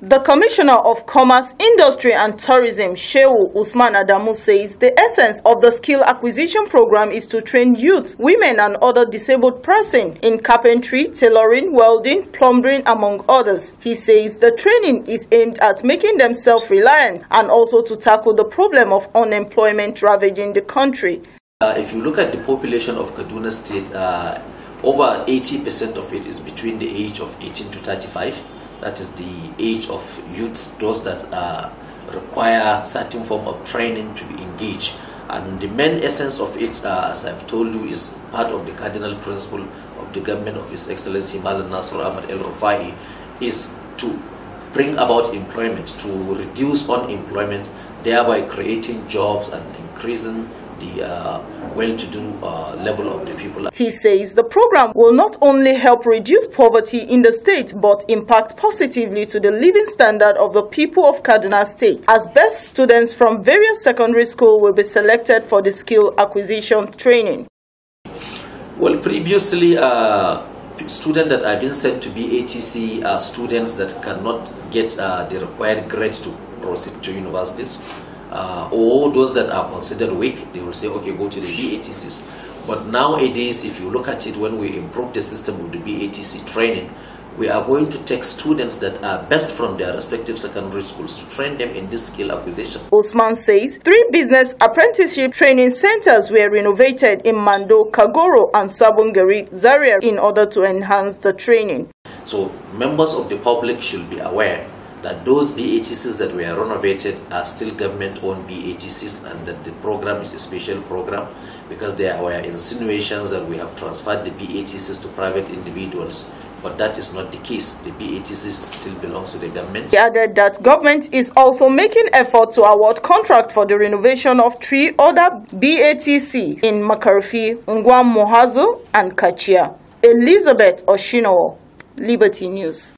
The Commissioner of Commerce, Industry and Tourism, Shehu Usman Adamu, says the essence of the skill acquisition program is to train youth, women and other disabled persons in carpentry, tailoring, welding, plumbing, among others. He says the training is aimed at making them self-reliant and also to tackle the problem of unemployment ravaging the country. Uh, if you look at the population of Kaduna State, uh, over 80% of it is between the age of 18 to 35 that is the age of youth, those that uh, require certain form of training to be engaged. And the main essence of it, uh, as I've told you, is part of the cardinal principle of the government of His Excellency Malan Nasr Ahmad El Rafai, is to bring about employment, to reduce unemployment, thereby creating jobs and increasing the uh, well-to-do uh, level of the people. He says the program will not only help reduce poverty in the state, but impact positively to the living standard of the people of Kaduna State, as best students from various secondary schools will be selected for the skill acquisition training. Well, previously, uh, students that have been sent to be ATC are students that cannot get uh, the required grade to proceed to universities uh, or those that are considered weak, they will say, okay, go to the BATCs. But nowadays, if you look at it, when we improve the system with the BATC training, we are going to take students that are best from their respective secondary schools to train them in this skill acquisition. Osman says three business apprenticeship training centers were renovated in Mando, Kagoro, and Sabungari, Zaria in order to enhance the training. So members of the public should be aware that those BATCs that were renovated are still government-owned BATCs and that the program is a special program because there were insinuations that we have transferred the BATCs to private individuals. But that is not the case. The BATCs still belongs to the government. He added that government is also making effort to award contract for the renovation of three other BATC in Makarfi, Ngwa Mohazu and Kachia. Elizabeth Oshino, Liberty News.